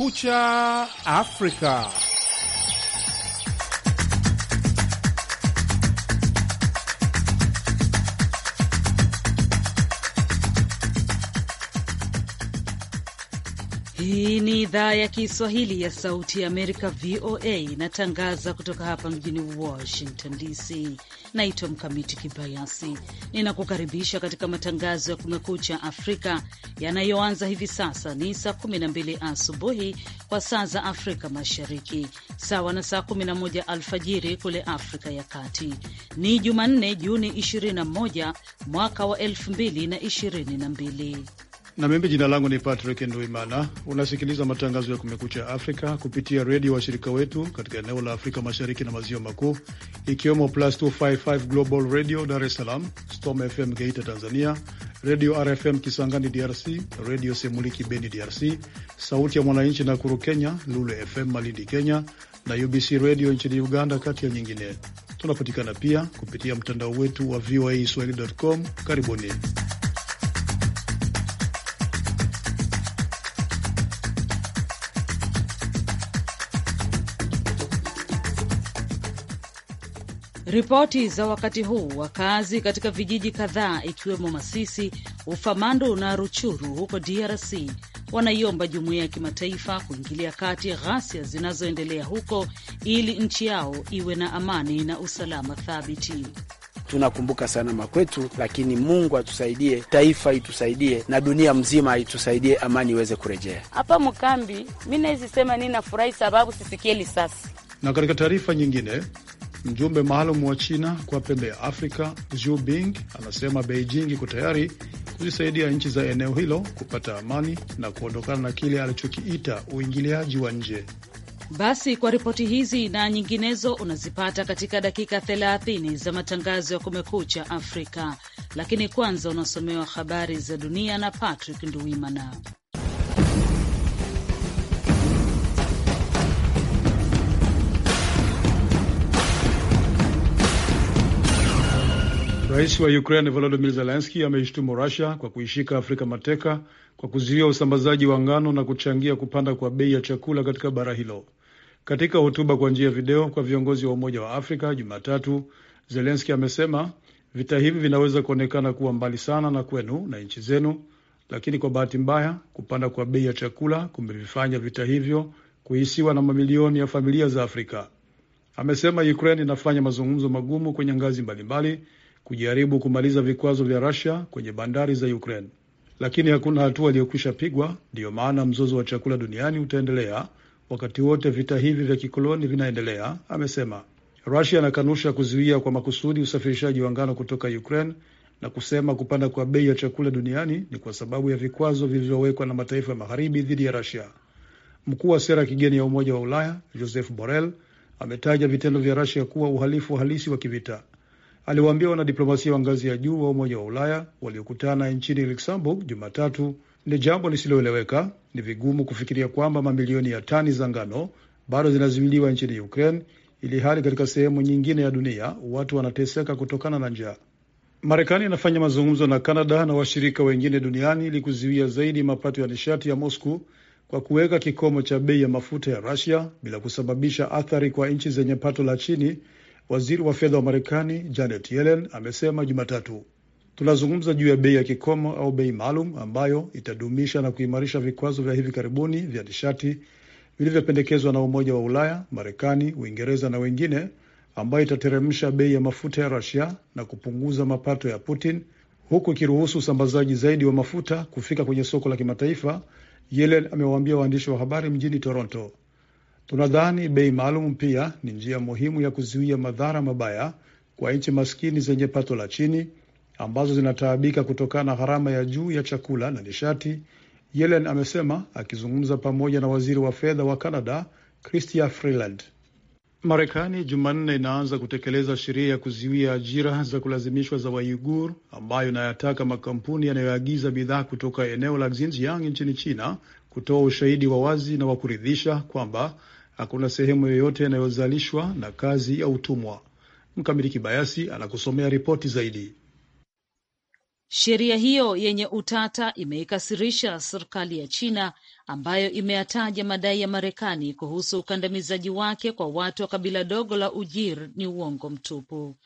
Kumekucha Afrika. Hii ni idhaa ya Kiswahili ya Sauti ya Amerika, VOA, inatangaza kutoka hapa mjini Washington DC. Naitwa Mkamiti Kibayasi, ninakukaribisha katika matangazo ya Kumekucha Afrika yanayoanza hivi sasa. Ni saa 12 asubuhi kwa saa za Afrika Mashariki, sawa na saa 11 alfajiri kule Afrika ya Kati. Ni Jumanne, Juni 21 mwaka wa 2022 na mimi jina langu ni Patrick Nduimana. Unasikiliza matangazo ya Kumekucha Afrika kupitia redio washirika wetu katika eneo la Afrika Mashariki na Maziwa Makuu, ikiwemo Plus 255 Global Radio Dar es Salaam, Storm FM Geita Tanzania, Redio RFM Kisangani DRC, Redio Semuliki Beni DRC, Sauti ya Mwananchi Nakuru Kenya, lule FM Malindi Kenya na UBC Redio nchini Uganda, kati ya nyingine. Tunapatikana pia kupitia mtandao wetu wa VOA Swahili.com. Karibuni. Ripoti za wakati huu, wakazi katika vijiji kadhaa ikiwemo Masisi, Ufamandu na Ruchuru huko DRC wanaiomba jumuiya ya kimataifa kuingilia kati ghasia zinazoendelea huko ili nchi yao iwe na amani na usalama thabiti. Tunakumbuka sana makwetu, lakini Mungu atusaidie, taifa itusaidie na dunia mzima itusaidie, amani iweze kurejea hapa mkambi. Mi naizisema, nafurahi sababu sisikieli sasa. Na katika taarifa nyingine Mjumbe maalum wa China kwa pembe ya Afrika Zhu Bing anasema Beijing iko tayari kuzisaidia nchi za eneo hilo kupata amani na kuondokana na kile alichokiita uingiliaji wa nje. Basi kwa ripoti hizi na nyinginezo unazipata katika dakika 30 za matangazo ya Kumekucha Afrika, lakini kwanza unasomewa habari za dunia na Patrick Nduimana. Rais wa Ukraine Volodymyr Zelenski ameishtumu Rusia kwa kuishika Afrika mateka kwa kuzuia usambazaji wa ngano na kuchangia kupanda kwa bei ya chakula katika bara hilo. Katika hotuba kwa njia ya video kwa viongozi wa Umoja wa Afrika Jumatatu, Zelenski amesema vita hivi vinaweza kuonekana kuwa mbali sana na kwenu na nchi zenu, lakini kwa bahati mbaya, kupanda kwa bei ya chakula kumevifanya vita hivyo kuhisiwa na mamilioni ya familia za Afrika. Amesema Ukraine inafanya mazungumzo magumu kwenye ngazi mbalimbali kujaribu kumaliza vikwazo vya rasia kwenye bandari za Ukraine, lakini hakuna hatua iliyokwisha pigwa. Ndiyo maana mzozo wa chakula duniani utaendelea wakati wote vita hivi vya kikoloni vinaendelea, amesema. rasia anakanusha kuzuia kwa makusudi usafirishaji wa ngano kutoka Ukraine na kusema kupanda kwa bei ya chakula duniani ni kwa sababu ya vikwazo vilivyowekwa na mataifa ya magharibi dhidi ya rasia Mkuu wa sera ya kigeni ya Umoja wa Ulaya Joseph Borrell ametaja vitendo vya rasia kuwa uhalifu halisi wa kivita aliwaambia wanadiplomasia wa ngazi ya juu wa Umoja wa Ulaya waliokutana nchini Luxembourg Jumatatu ni jambo lisiloeleweka. Ni vigumu kufikiria kwamba mamilioni ya tani za ngano bado zinazuiliwa nchini Ukraine ili hali katika sehemu nyingine ya dunia watu wanateseka kutokana na njaa. Marekani inafanya mazungumzo na Kanada na washirika wengine duniani ili kuzuia zaidi mapato ya nishati ya Moscow kwa kuweka kikomo cha bei ya mafuta ya rasia bila kusababisha athari kwa nchi zenye pato la chini Waziri wa fedha wa Marekani Janet Yellen amesema Jumatatu, tunazungumza juu ya bei ya kikomo au bei maalum ambayo itadumisha na kuimarisha vikwazo vya hivi karibuni vya nishati vilivyopendekezwa na Umoja wa Ulaya, Marekani, Uingereza na wengine, ambayo itateremsha bei ya mafuta ya Rusia na kupunguza mapato ya Putin, huku ikiruhusu usambazaji zaidi wa mafuta kufika kwenye soko la kimataifa, Yellen amewaambia waandishi wa habari mjini Toronto. Tunadhani bei maalum pia ni njia muhimu ya kuzuia madhara mabaya kwa nchi maskini zenye pato la chini ambazo zinataabika kutokana na gharama ya juu ya chakula na nishati, Yellen amesema akizungumza pamoja na waziri wa fedha wa Canada Chrystia Freeland. Marekani Jumanne inaanza kutekeleza sheria ya kuzuia ajira za kulazimishwa za Waigur ambayo inayataka makampuni yanayoagiza bidhaa kutoka eneo la Xinjiang nchini China kutoa ushahidi wa wazi na wa kuridhisha kwamba hakuna sehemu yoyote inayozalishwa na kazi ya utumwa. Mkamili Kibayasi anakusomea ripoti zaidi. Sheria hiyo yenye utata imeikasirisha serikali ya China ambayo imeyataja madai ya Marekani kuhusu ukandamizaji wake kwa watu wa kabila dogo la Ujir ni uongo mtupu,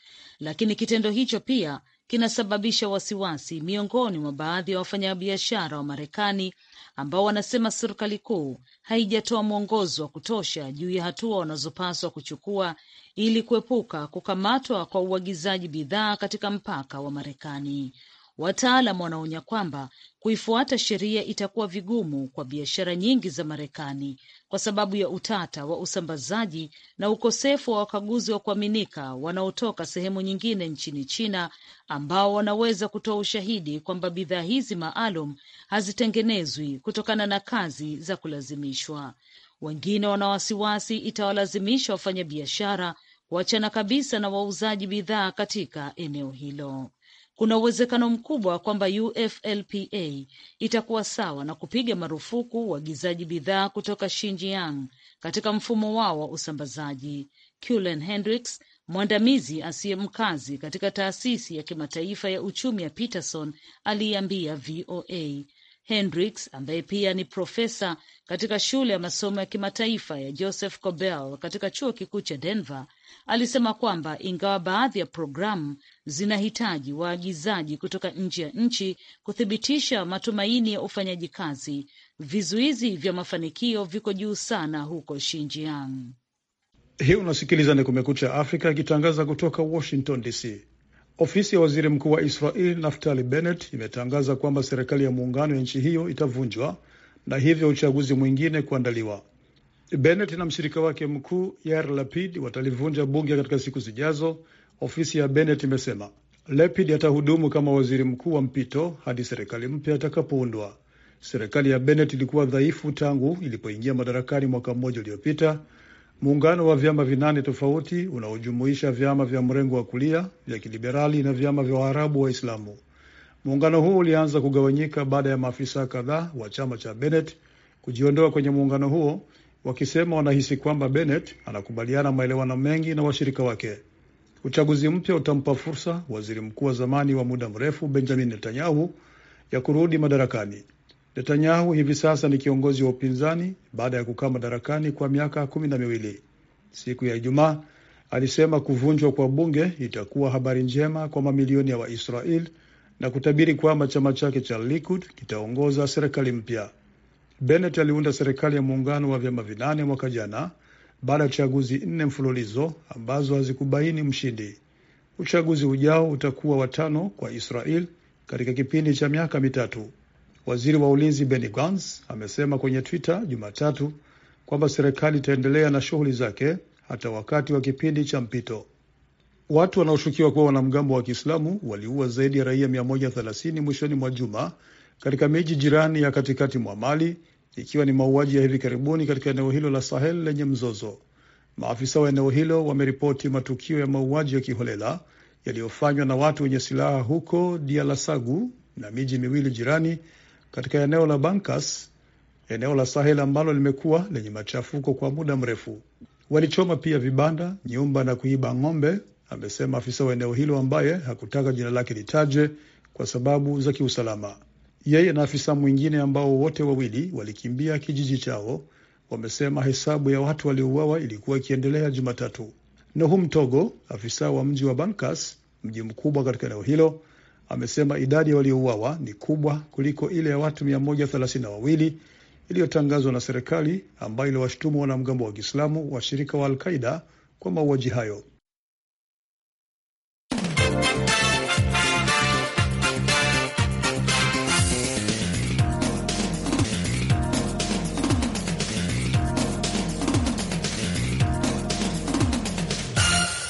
lakini kitendo hicho pia kinasababisha wasiwasi miongoni mwa baadhi ya wafanyabiashara wa Marekani ambao wanasema serikali kuu haijatoa mwongozo wa kutosha juu ya hatua wanazopaswa kuchukua ili kuepuka kukamatwa kwa uagizaji bidhaa katika mpaka wa Marekani. Wataalam wanaonya kwamba kuifuata sheria itakuwa vigumu kwa biashara nyingi za Marekani kwa sababu ya utata wa usambazaji na ukosefu wa wakaguzi wa kuaminika wanaotoka sehemu nyingine nchini China ambao wanaweza kutoa ushahidi kwamba bidhaa hizi maalum hazitengenezwi kutokana na kazi za kulazimishwa. Wengine wana wasiwasi itawalazimisha wafanyabiashara kuachana kabisa na wauzaji bidhaa katika eneo hilo kuna uwezekano mkubwa kwamba UFLPA itakuwa sawa na kupiga marufuku uagizaji bidhaa kutoka Xinjiang katika mfumo wao wa usambazaji. kulen Hendricks, mwandamizi asiye mkazi katika taasisi ya kimataifa ya uchumi ya Peterson, aliiambia VOA Hendricks ambaye pia ni profesa katika shule ya masomo ya kimataifa ya Joseph Cobel katika chuo kikuu cha Denver alisema kwamba ingawa baadhi ya programu zinahitaji waagizaji kutoka nje ya nchi kuthibitisha matumaini ya ufanyaji kazi, vizuizi vya mafanikio viko juu sana huko Xinjiang. Hii unasikiliza ni Kumekucha Afrika ikitangaza kutoka Washington DC. Ofisi ya waziri mkuu wa Israel Naftali Bennett imetangaza kwamba serikali ya muungano ya nchi hiyo itavunjwa na hivyo uchaguzi mwingine kuandaliwa. Bennett na mshirika wake mkuu Yair Lapid watalivunja bunge katika siku zijazo, ofisi ya Bennett imesema. Lapid atahudumu kama waziri mkuu wa mpito hadi serikali mpya itakapoundwa. Serikali ya Bennett ilikuwa dhaifu tangu ilipoingia madarakani mwaka mmoja uliopita Muungano wa vyama vinane tofauti unaojumuisha vyama vya mrengo wa kulia vya kiliberali na vyama vya Waarabu Waislamu. Muungano huu ulianza kugawanyika baada ya maafisa kadhaa wa chama cha Bennett kujiondoa kwenye muungano huo, wakisema wanahisi kwamba Bennett anakubaliana maelewano mengi na washirika wake. Uchaguzi mpya utampa fursa waziri mkuu wa zamani wa muda mrefu Benjamin Netanyahu ya kurudi madarakani. Netanyahu hivi sasa ni kiongozi wa upinzani baada ya kukaa madarakani kwa miaka kumi na miwili. Siku ya Ijumaa alisema kuvunjwa kwa bunge itakuwa habari njema kwa mamilioni ya Waisrael na kutabiri kwamba chama chake cha Likud kitaongoza serikali mpya. Bennett aliunda serikali ya muungano wa vyama vinane mwaka jana baada ya chaguzi nne mfululizo ambazo hazikubaini mshindi. Uchaguzi ujao utakuwa watano kwa Israel katika kipindi cha miaka mitatu. Waziri wa ulinzi Benny Gantz amesema kwenye Twitter Jumatatu kwamba serikali itaendelea na shughuli zake hata wakati wa kipindi cha mpito. Watu wanaoshukiwa kuwa wanamgambo wa Kiislamu waliua zaidi ya raia 130 mwishoni mwa juma katika miji jirani ya katikati mwa Mali, ikiwa ni mauaji ya hivi karibuni katika eneo hilo la Sahel lenye mzozo. Maafisa wa eneo hilo wameripoti matukio ya mauaji ya kiholela yaliyofanywa na watu wenye silaha huko Dialasagu na miji miwili jirani katika eneo la Bankas, eneo la Sahel ambalo limekuwa lenye machafuko kwa muda mrefu. Walichoma pia vibanda, nyumba na kuiba ng'ombe, amesema afisa wa eneo hilo ambaye hakutaka jina lake litaje kwa sababu za kiusalama. Yeye na afisa mwingine ambao wote wawili walikimbia kijiji chao wamesema hesabu ya watu waliouawa ilikuwa ikiendelea Jumatatu. Nahum Togo, afisa wa mji wa Bankas, mji mkubwa katika eneo hilo, amesema idadi ya waliouawa ni kubwa kuliko ile ya watu 132 iliyotangazwa na serikali ambayo iliwashutumu wanamgambo wa Kiislamu washirika wa Alqaida kwa mauaji hayo.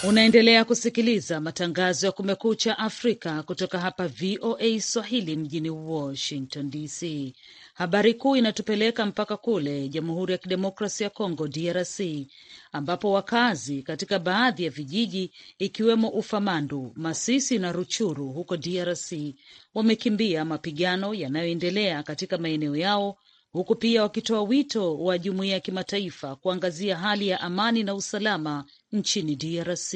Unaendelea kusikiliza matangazo ya Kumekucha Afrika kutoka hapa VOA Swahili mjini Washington DC. Habari kuu inatupeleka mpaka kule Jamhuri ya Kidemokrasi ya congo DRC, ambapo wakazi katika baadhi ya vijiji ikiwemo Ufamandu, Masisi na Ruchuru huko DRC wamekimbia mapigano yanayoendelea katika maeneo yao huku pia wakitoa wito wa jumuiya ya kimataifa kuangazia hali ya amani na usalama nchini DRC.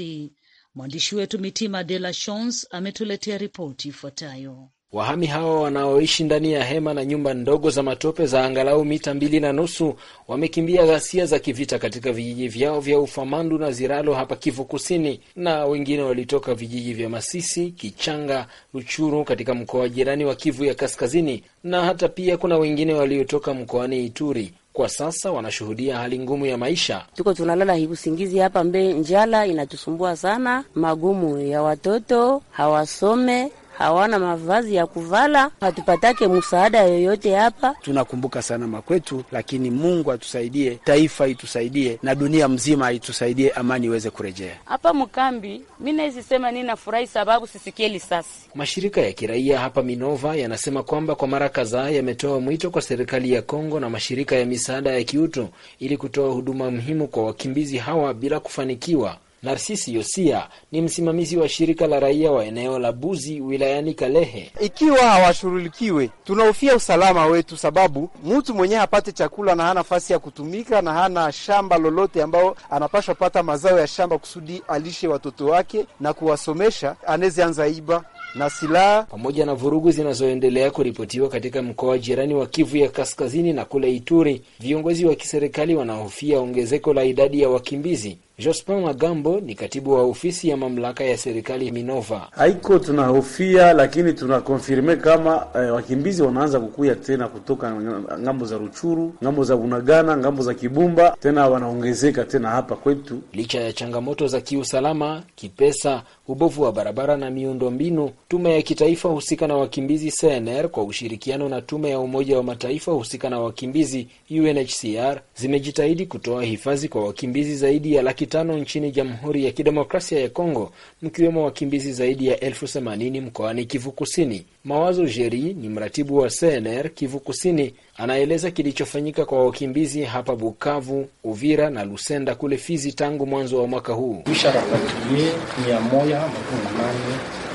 Mwandishi wetu Mitima De La Chance ametuletea ripoti ifuatayo. Wahami hawa wanaoishi ndani ya hema na nyumba ndogo za matope za angalau mita mbili na nusu wamekimbia ghasia za kivita katika vijiji vyao vya Ufamandu na Ziralo hapa Kivu Kusini, na wengine walitoka vijiji vya Masisi, Kichanga, Ruchuru katika mkoa jirani wa Kivu ya Kaskazini, na hata pia kuna wengine waliotoka mkoani Ituri kwa sasa wanashuhudia hali ngumu ya maisha. Tuko tunalala hiusingizi hapa mbe, njala inatusumbua sana, magumu ya watoto hawasome hawana mavazi ya kuvala, hatupatake msaada yoyote hapa. Tunakumbuka sana makwetu, lakini Mungu atusaidie, taifa itusaidie na dunia mzima itusaidie, amani iweze kurejea hapa mkambi. Mi naisi sema nina sababu sisikie lisasi. Mashirika ya kiraia hapa Minova yanasema kwamba kwa mara kadhaa yametoa mwito kwa serikali ya Kongo na mashirika ya misaada ya kiutu ili kutoa huduma muhimu kwa wakimbizi hawa bila kufanikiwa. Narsisi Yosia ni msimamizi wa shirika la raia wa eneo la Buzi wilayani Kalehe. Ikiwa hawashughulikiwe, tunahofia usalama wetu, sababu mtu mwenyewe hapate chakula na hana nafasi ya kutumika na hana shamba lolote ambao anapashwa pata mazao ya shamba kusudi alishe watoto wake na kuwasomesha, anaweza anza iba na silaha pamoja na vurugu zinazoendelea kuripotiwa katika mkoa jirani wa Kivu ya Kaskazini na kule Ituri, viongozi wa kiserikali wanahofia ongezeko la idadi ya wakimbizi Jospin Magambo ni katibu wa ofisi ya mamlaka ya serikali Minova. Haiko tunahofia, lakini tunakonfirme kama eh, wakimbizi wanaanza kukuya tena kutoka ngambo za Ruchuru, ngambo za Bunagana, ngambo za Kibumba, tena wanaongezeka tena hapa kwetu. Licha ya changamoto za kiusalama, kipesa, ubovu wa barabara na miundo mbinu tume ya kitaifa husika na wakimbizi CNR kwa ushirikiano na tume ya Umoja wa Mataifa husika na wakimbizi UNHCR zimejitahidi kutoa hifadhi kwa wakimbizi zaidi ya laki tano nchini Jamhuri ya Kidemokrasia ya Kongo, mkiwemo wakimbizi zaidi ya elfu themanini mkoani Kivu Kusini. Mawazo Jeri ni mratibu wa CNR Kivu Kusini, anaeleza kilichofanyika kwa wakimbizi hapa Bukavu, Uvira na Lusenda kule Fizi tangu mwanzo wa mwaka huu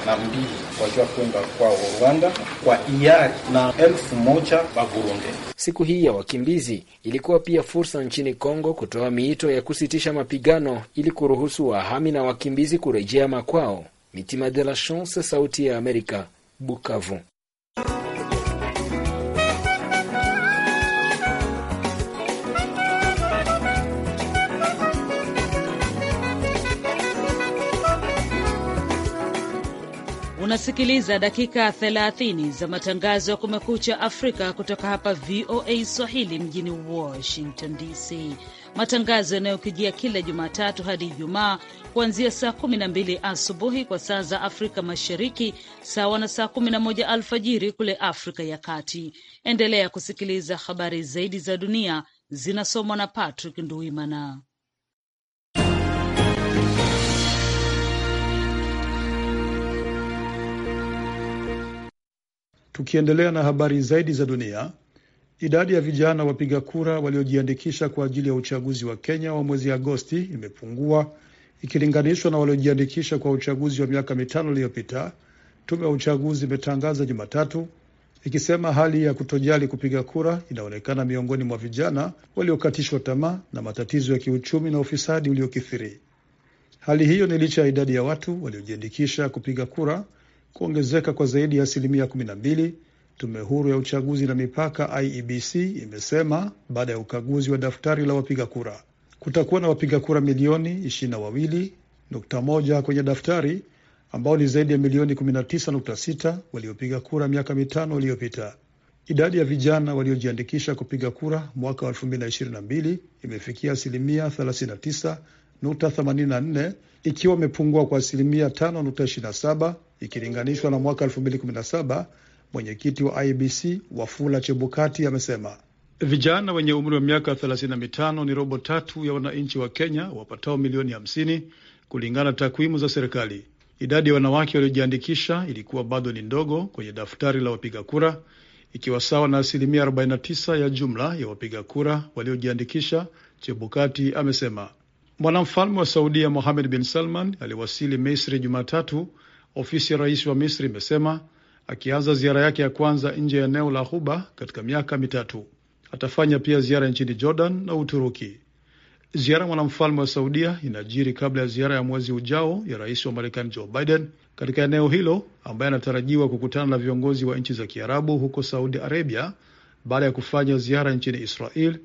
na mbili wakiwa kwenda kwao Rwanda kwa iari na elfu moja Baburundi. Siku hii ya wakimbizi ilikuwa pia fursa nchini Kongo kutoa miito ya kusitisha mapigano ili kuruhusu wahami na wakimbizi kurejea makwao. Mitima de la Chance, Sauti ya Amerika, Bukavu. Unasikiliza dakika 30 za matangazo ya Kumekucha Afrika kutoka hapa VOA Swahili mjini Washington DC, matangazo yanayokijia kila Jumatatu hadi Ijumaa kuanzia saa 12 asubuhi kwa saa za Afrika Mashariki, sawa na saa 11 alfajiri kule Afrika ya Kati. Endelea kusikiliza habari zaidi za dunia, zinasomwa na Patrick Nduimana. Tukiendelea na habari zaidi za dunia, idadi ya vijana wapiga kura waliojiandikisha kwa ajili ya uchaguzi wa Kenya wa mwezi Agosti imepungua ikilinganishwa na waliojiandikisha kwa uchaguzi wa miaka mitano iliyopita. Tume ya uchaguzi imetangaza Jumatatu ikisema hali ya kutojali kupiga kura inaonekana miongoni mwa vijana waliokatishwa tamaa na matatizo ya kiuchumi na ufisadi uliokithiri. Hali hiyo ni licha ya idadi ya watu waliojiandikisha kupiga kura kuongezeka kwa zaidi ya asilimia 12, tume huru ya uchaguzi na mipaka IEBC imesema baada ya ukaguzi wa daftari la wapiga kura. Kutakuwa na wapiga kura milioni 22.1 kwenye daftari ambao ni zaidi ya milioni 19.6 waliopiga kura miaka mitano iliyopita. Idadi ya vijana waliojiandikisha kupiga kura mwaka wa 2022 imefikia asilimia 39.84 ikiwa imepungua kwa asilimia 5.27 ikilinganishwa na mwaka 2017. Mwenyekiti wa IBC Wafula Chebukati amesema vijana wenye umri wa miaka 35 ni robo tatu ya wananchi wa Kenya wapatao milioni 50 kulingana na takwimu za serikali. Idadi ya wanawake waliojiandikisha ilikuwa bado ni ndogo kwenye daftari la wapiga kura, ikiwa sawa na asilimia 49 ya jumla ya wapiga kura waliojiandikisha, Chebukati amesema. Mwanamfalme wa Saudia Mohamed bin Salman aliwasili Misri Jumatatu ofisi ya rais wa Misri imesema, akianza ziara yake ya kwanza nje ya eneo la Ghuba katika miaka mitatu. Atafanya pia ziara nchini Jordan na Uturuki. Ziara mwanamfalme wa Saudia inajiri kabla ya ziara ya mwezi ujao ya rais wa Marekani Joe Biden katika eneo hilo, ambaye anatarajiwa kukutana na viongozi wa nchi za Kiarabu huko Saudi Arabia baada ya kufanya ziara nchini Israel,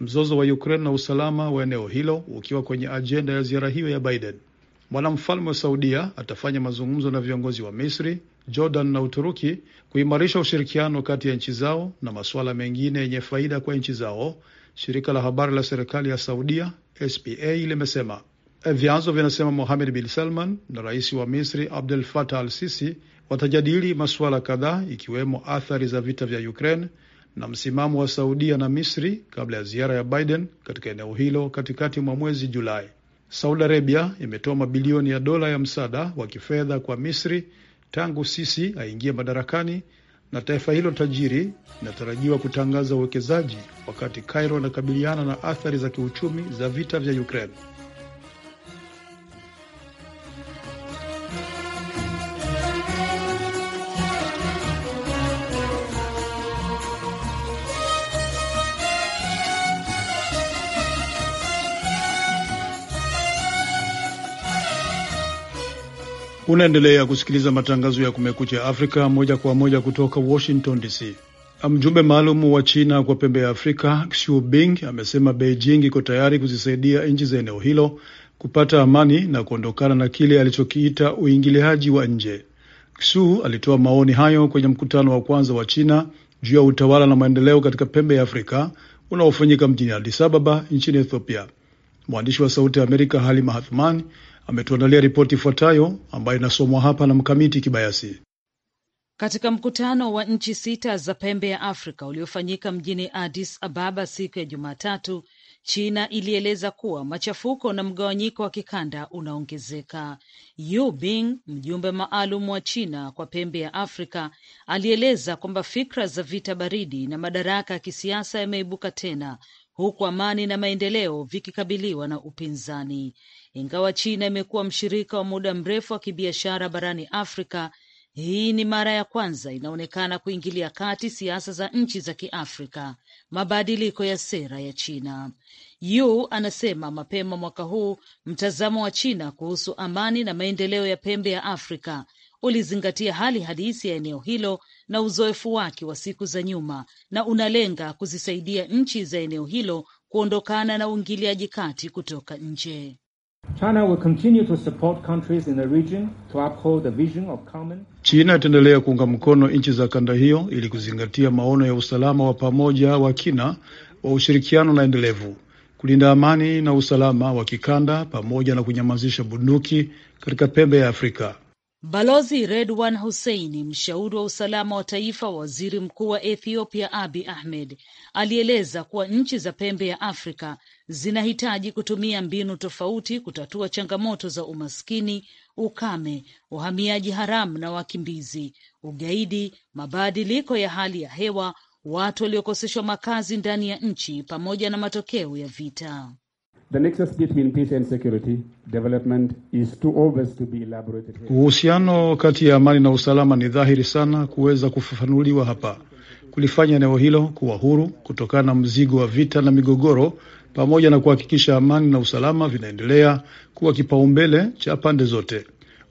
mzozo wa Ukraine na usalama wa eneo hilo ukiwa kwenye ajenda ya ziara hiyo ya Biden. Mwanamfalme wa Saudia atafanya mazungumzo na viongozi wa Misri, Jordan na Uturuki kuimarisha ushirikiano kati ya nchi zao na masuala mengine yenye faida kwa nchi zao, shirika la habari la serikali ya Saudia SPA limesema. Vyanzo vinasema Mohamed bin Salman na rais wa Misri Abdel Fattah al Sisi watajadili masuala kadhaa ikiwemo athari za vita vya Ukraine na msimamo wa Saudia na Misri kabla ya ziara ya Biden katika eneo hilo katikati mwa mwezi Julai. Saudi Arabia imetoa mabilioni ya dola ya msaada wa kifedha kwa Misri tangu Sisi aingie madarakani, na taifa hilo tajiri linatarajiwa kutangaza uwekezaji wakati Cairo inakabiliana na athari za kiuchumi za vita vya Ukraine. Unaendelea kusikiliza matangazo ya Kumekucha Afrika moja kwa moja kutoka Washington DC. Mjumbe maalum wa China kwa pembe ya Afrika Xu Bing amesema Beijing iko tayari kuzisaidia nchi za eneo hilo kupata amani na kuondokana na kile alichokiita uingiliaji wa nje. Xu alitoa maoni hayo kwenye mkutano wa kwanza wa China juu ya utawala na maendeleo katika pembe ya Afrika unaofanyika mjini Addis Ababa nchini Ethiopia. Mwandishi wa Sauti ya Amerika Halima Hathman ametuandalia ripoti ifuatayo ambayo inasomwa hapa na Mkamiti Kibayasi. Katika mkutano wa nchi sita za pembe ya Afrika uliofanyika mjini Addis Ababa siku ya Jumatatu, China ilieleza kuwa machafuko na mgawanyiko wa kikanda unaongezeka. Yu Bing, mjumbe maalum wa China kwa pembe ya Afrika, alieleza kwamba fikra za vita baridi na madaraka ya kisiasa yameibuka tena huku amani na maendeleo vikikabiliwa na upinzani. Ingawa China imekuwa mshirika wa muda mrefu wa kibiashara barani Afrika, hii ni mara ya kwanza inaonekana kuingilia kati siasa za nchi za Kiafrika, mabadiliko ya sera ya China. Yu anasema mapema mwaka huu mtazamo wa China kuhusu amani na maendeleo ya pembe ya Afrika ulizingatia hali halisi ya eneo hilo na uzoefu wake wa siku za nyuma na unalenga kuzisaidia nchi za eneo hilo kuondokana na uingiliaji kati kutoka nje. China itaendelea kuunga mkono nchi za kanda hiyo ili kuzingatia maono ya usalama wa pamoja wa kina wa ushirikiano na endelevu, kulinda amani na usalama wa kikanda pamoja na kunyamazisha bunduki katika pembe ya Afrika. Balozi Redwan Hussein, mshauri wa usalama wa taifa wa waziri mkuu wa Ethiopia abi Ahmed, alieleza kuwa nchi za pembe ya Afrika zinahitaji kutumia mbinu tofauti kutatua changamoto za umaskini, ukame, uhamiaji haramu na wakimbizi, ugaidi, mabadiliko ya hali ya hewa, watu waliokoseshwa makazi ndani ya nchi pamoja na matokeo ya vita. Uhusiano kati ya amani na usalama ni dhahiri sana kuweza kufafanuliwa hapa, kulifanya eneo hilo kuwa huru kutokana na mzigo wa vita na migogoro, pamoja na kuhakikisha amani na usalama vinaendelea kuwa kipaumbele cha pande zote.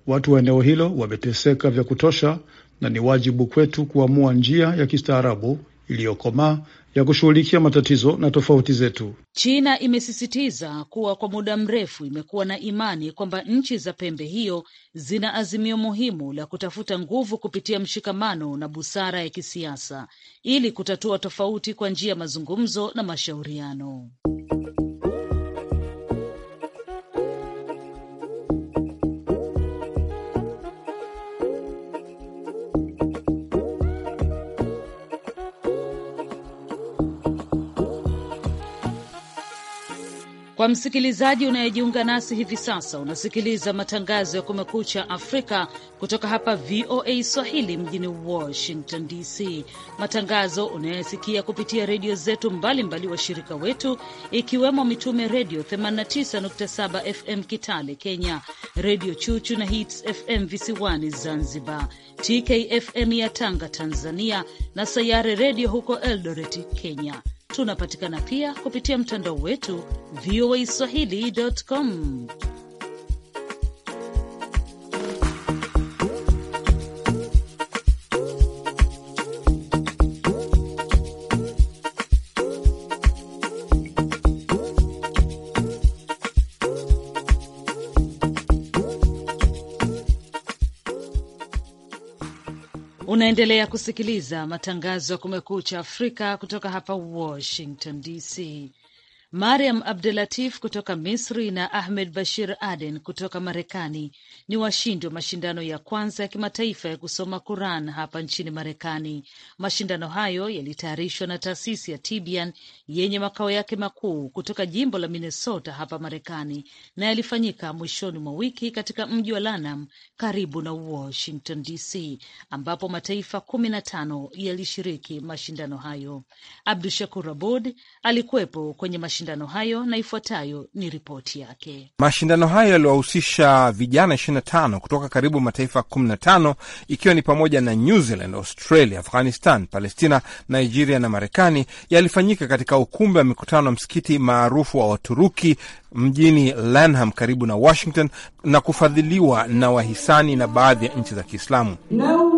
Watu wa eneo hilo wameteseka vya kutosha, na ni wajibu kwetu kuamua njia ya kistaarabu iliyokomaa ya kushughulikia matatizo na tofauti zetu. China imesisitiza kuwa kwa muda mrefu imekuwa na imani kwamba nchi za pembe hiyo zina azimio muhimu la kutafuta nguvu kupitia mshikamano na busara ya kisiasa ili kutatua tofauti kwa njia ya mazungumzo na mashauriano. Kwa msikilizaji unayejiunga nasi hivi sasa, unasikiliza matangazo ya Kumekucha Afrika kutoka hapa VOA Swahili mjini Washington DC, matangazo unayosikia kupitia redio zetu mbalimbali washirika wetu, ikiwemo Mitume Redio 89.7 FM Kitale Kenya, Redio Chuchu na Hits FM visiwani Zanzibar, TKFM ya Tanga Tanzania, na Sayare Redio huko Eldoret Kenya. Tunapatikana pia kupitia mtandao wetu voa swahilicom Unaendelea kusikiliza matangazo ya Kumekucha Afrika kutoka hapa Washington DC. Mariam Abdelatif kutoka Misri na Ahmed Bashir Aden kutoka Marekani ni washindi wa mashindano ya kwanza ya kimataifa ya kusoma Quran hapa nchini Marekani. Mashindano hayo yalitayarishwa na taasisi ya Tibian yenye makao yake makuu kutoka jimbo la Minnesota hapa Marekani, na yalifanyika mwishoni mwa wiki katika mji wa Lanam karibu na Washington DC, ambapo mataifa kumi na tano yalishiriki mashindano hayo. Abdu Shakur Abud alikuwepo kwenye mashindano mashindano hayo, na ifuatayo ni ripoti yake. Mashindano hayo yaliwahusisha vijana 25 kutoka karibu mataifa 15 ikiwa ni pamoja na New Zealand, Australia, Afghanistan, Palestina, Nigeria na Marekani, yalifanyika katika ukumbi wa mikutano wa msikiti maarufu wa Waturuki mjini Lanham karibu na Washington na kufadhiliwa na wahisani na baadhi ya nchi za Kiislamu no.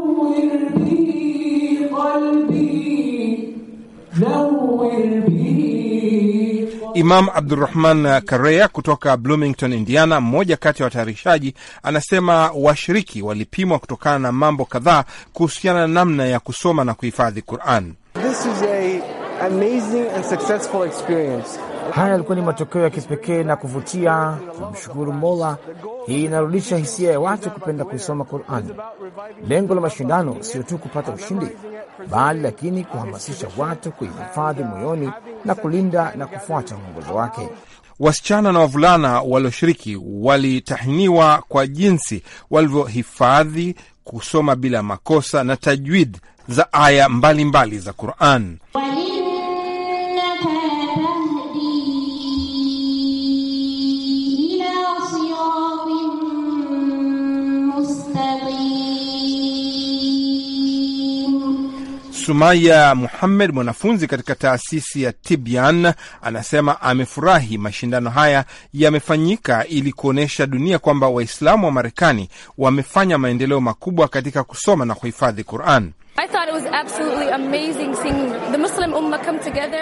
Imam Abdurahman Karea kutoka Bloomington, Indiana, mmoja kati ya watayarishaji, anasema washiriki walipimwa kutokana na mambo kadhaa kuhusiana na namna ya kusoma na kuhifadhi Quran. Haya yalikuwa ni matokeo ya kipekee na kuvutia. Tunamshukuru Mola, hii inarudisha hisia ya watu kupenda kuisoma Quran. Lengo la mashindano sio tu kupata ushindi, bali lakini kuhamasisha watu kuihifadhi moyoni na kulinda na kufuata mwongozo wake. Wasichana na wavulana walioshiriki walitahiniwa kwa jinsi walivyohifadhi kusoma bila makosa na tajwid za aya mbalimbali mbali za Quran. Sumaya Muhammed, mwanafunzi katika taasisi ya Tibian, anasema amefurahi mashindano haya yamefanyika ili kuonyesha dunia kwamba Waislamu wa Marekani wamefanya maendeleo makubwa katika kusoma na kuhifadhi Quran.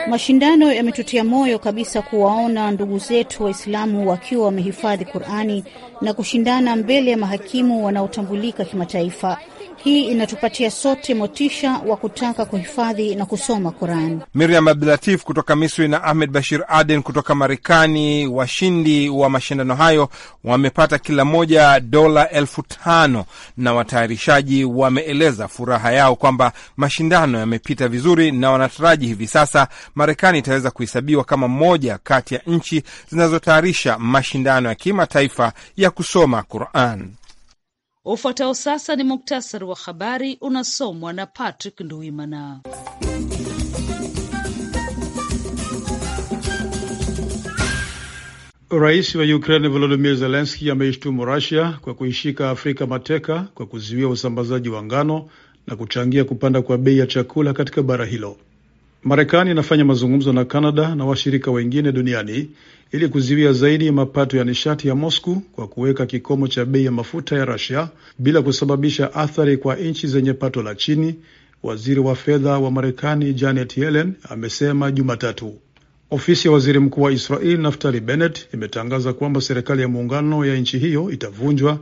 Mashindano yametutia moyo kabisa kuwaona ndugu zetu Waislamu wakiwa wamehifadhi Qurani na kushindana mbele ya mahakimu wanaotambulika kimataifa. Hii inatupatia sote motisha wa kutaka kuhifadhi na kusoma Quran. Miriam Abdulatif kutoka Misri na Ahmed Bashir Aden kutoka Marekani, washindi wa mashindano hayo wamepata kila moja dola elfu tano na watayarishaji wameeleza furaha yao kwamba mashindano yamepita vizuri na wanataraji hivi sasa Marekani itaweza kuhesabiwa kama moja kati ya nchi zinazotayarisha mashindano ya kimataifa ya kusoma Quran. Ufuatao sasa ni muktasari wa habari unasomwa na Patrick Nduimana. Rais wa Ukraine volodimir zelenski ameishtumu rusia kwa kuishika Afrika mateka kwa kuzuia usambazaji wa ngano na kuchangia kupanda kwa bei ya chakula katika bara hilo. Marekani inafanya mazungumzo na Kanada na washirika wengine duniani ili kuzuia zaidi mapato ya nishati ya Moscow kwa kuweka kikomo cha bei ya mafuta ya Russia bila kusababisha athari kwa nchi zenye pato la chini, waziri wa fedha wa Marekani Janet Yellen amesema Jumatatu. Ofisi ya waziri mkuu wa Israel Naftali Bennett imetangaza kwamba serikali ya muungano ya nchi hiyo itavunjwa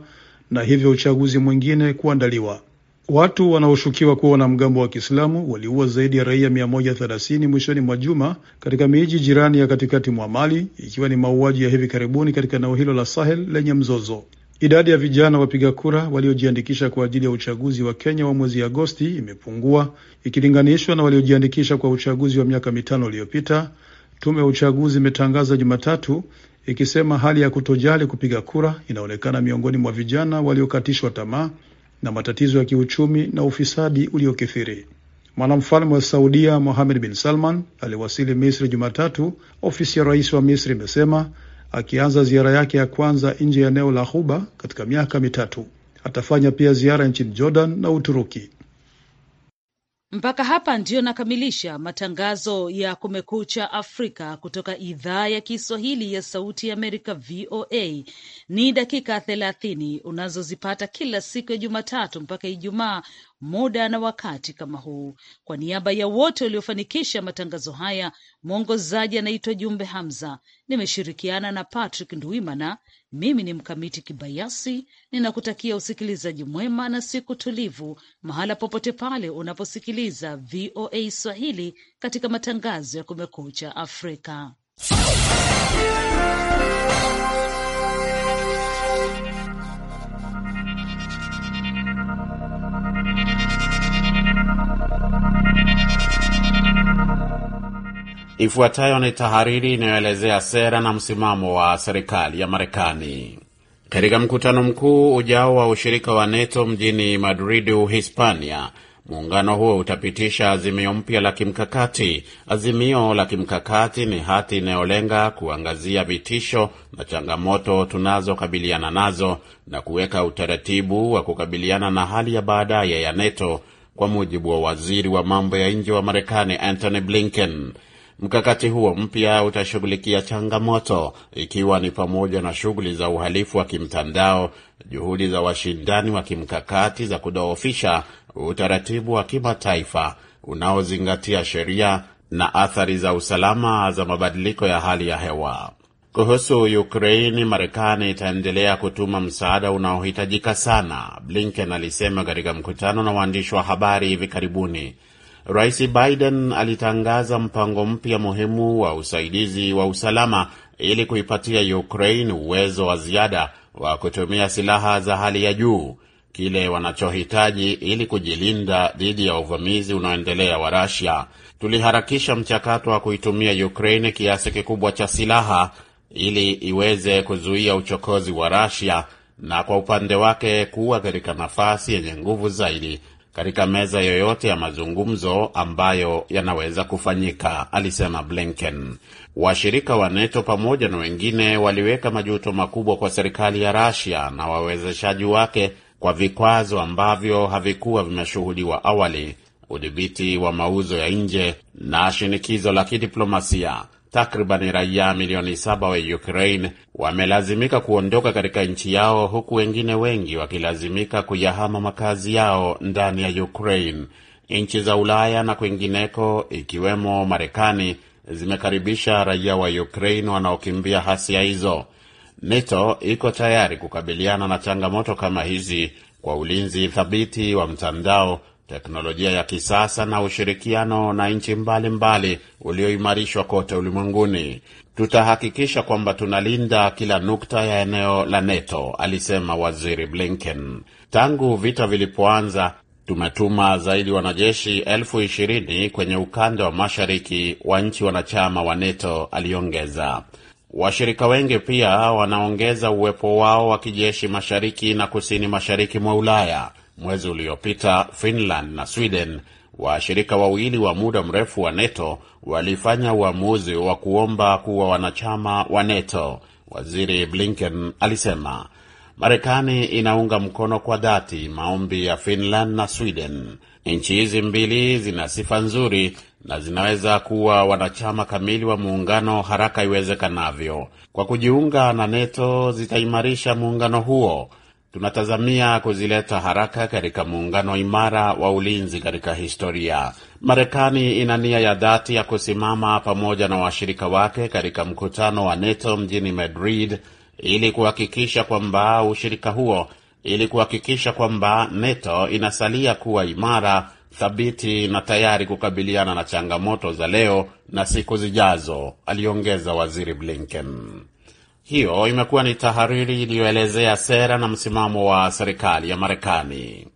na hivyo uchaguzi mwingine kuandaliwa. Watu wanaoshukiwa kuwa wanamgambo wa Kiislamu waliua zaidi ya raia 130 mwishoni mwa juma katika miji jirani ya katikati mwa Mali, ikiwa ni mauaji ya hivi karibuni katika eneo hilo la Sahel lenye mzozo. Idadi ya vijana wapiga kura waliojiandikisha kwa ajili ya uchaguzi wa Kenya wa mwezi Agosti imepungua ikilinganishwa na waliojiandikisha kwa uchaguzi wa miaka mitano iliyopita. Tume ya uchaguzi imetangaza Jumatatu ikisema hali ya kutojali kupiga kura inaonekana miongoni mwa vijana waliokatishwa tamaa na matatizo ya kiuchumi na ufisadi uliokithiri. Mwanamfalme wa Saudia Mohamed bin Salman aliwasili Misri Jumatatu, ofisi ya rais wa Misri imesema, akianza ziara yake ya kwanza nje ya eneo la Ghuba katika miaka mitatu. Atafanya pia ziara nchini Jordan na Uturuki. Mpaka hapa ndiyo nakamilisha matangazo ya Kumekucha Afrika kutoka idhaa ya Kiswahili ya Sauti ya Amerika, VOA. Ni dakika thelathini unazozipata kila siku ya Jumatatu mpaka Ijumaa muda na wakati kama huu. Kwa niaba ya wote waliofanikisha matangazo haya, mwongozaji anaitwa Jumbe Hamza, nimeshirikiana na Patrick Ndwimana. Mimi ni Mkamiti Kibayasi, ninakutakia usikilizaji mwema na siku tulivu, mahala popote pale unaposikiliza VOA Swahili katika matangazo ya Kumekucha Afrika. Ifuatayo ni tahariri inayoelezea sera na msimamo wa serikali ya Marekani. Katika mkutano mkuu ujao wa ushirika wa NATO mjini Madrid, Uhispania, muungano huo utapitisha azimio mpya la kimkakati. Azimio la kimkakati ni hati inayolenga kuangazia vitisho na changamoto tunazokabiliana nazo na kuweka utaratibu wa kukabiliana na hali ya baadaye ya NATO, kwa mujibu wa waziri wa mambo ya nje wa Marekani Antony Blinken. Mkakati huo mpya utashughulikia changamoto ikiwa ni pamoja na shughuli za uhalifu wa kimtandao, juhudi za washindani wa kimkakati za kudhoofisha utaratibu wa kimataifa unaozingatia sheria na athari za usalama za mabadiliko ya hali ya hewa. Kuhusu Ukraini, Marekani itaendelea kutuma msaada unaohitajika sana, Blinken alisema katika mkutano na waandishi wa habari hivi karibuni. Rais Biden alitangaza mpango mpya muhimu wa usaidizi wa usalama ili kuipatia Ukraine uwezo wa ziada wa kutumia silaha za hali ya juu, kile wanachohitaji ili kujilinda dhidi ya uvamizi unaoendelea wa Russia. Tuliharakisha mchakato wa kuitumia Ukraine kiasi kikubwa cha silaha ili iweze kuzuia uchokozi wa Russia na kwa upande wake kuwa katika nafasi yenye nguvu zaidi katika meza yoyote ya mazungumzo ambayo yanaweza kufanyika, alisema Blinken. Washirika wa NATO pamoja na wengine waliweka majuto makubwa kwa serikali ya Russia na wawezeshaji wake kwa vikwazo ambavyo havikuwa vimeshuhudiwa awali, udhibiti wa mauzo ya nje na shinikizo la kidiplomasia takribani raia milioni saba wa Ukraine wamelazimika kuondoka katika nchi yao huku wengine wengi wakilazimika kuyahama makazi yao ndani ya Ukraine. Nchi za Ulaya na kwingineko ikiwemo Marekani zimekaribisha raia wa Ukraine wanaokimbia hasia hizo. NATO iko tayari kukabiliana na changamoto kama hizi kwa ulinzi thabiti wa mtandao teknolojia ya kisasa na ushirikiano na nchi mbalimbali ulioimarishwa kote ulimwenguni. Tutahakikisha kwamba tunalinda kila nukta ya eneo la NATO, alisema Waziri Blinken. Tangu vita vilipoanza, tumetuma zaidi wanajeshi elfu ishirini kwenye ukanda wa mashariki wa nchi wanachama wa NATO, aliongeza. Washirika wengi pia wanaongeza uwepo wao wa kijeshi mashariki na kusini mashariki mwa Ulaya. Mwezi uliopita Finland na Sweden, washirika wawili wa muda mrefu wa NATO, walifanya uamuzi wa kuomba kuwa wanachama wa NATO. Waziri Blinken alisema Marekani inaunga mkono kwa dhati maombi ya Finland na Sweden. Nchi hizi mbili zina sifa nzuri na zinaweza kuwa wanachama kamili wa muungano haraka iwezekanavyo. Kwa kujiunga na NATO zitaimarisha muungano huo tunatazamia kuzileta haraka katika muungano imara wa ulinzi katika historia. Marekani ina nia ya dhati ya kusimama pamoja na washirika wake katika mkutano wa NATO mjini Madrid ili kuhakikisha kwamba ushirika huo ili kuhakikisha kwamba NATO inasalia kuwa imara, thabiti na tayari kukabiliana na changamoto za leo na siku zijazo, aliongeza Waziri Blinken. Hiyo imekuwa ni tahariri iliyoelezea sera na msimamo wa serikali ya Marekani.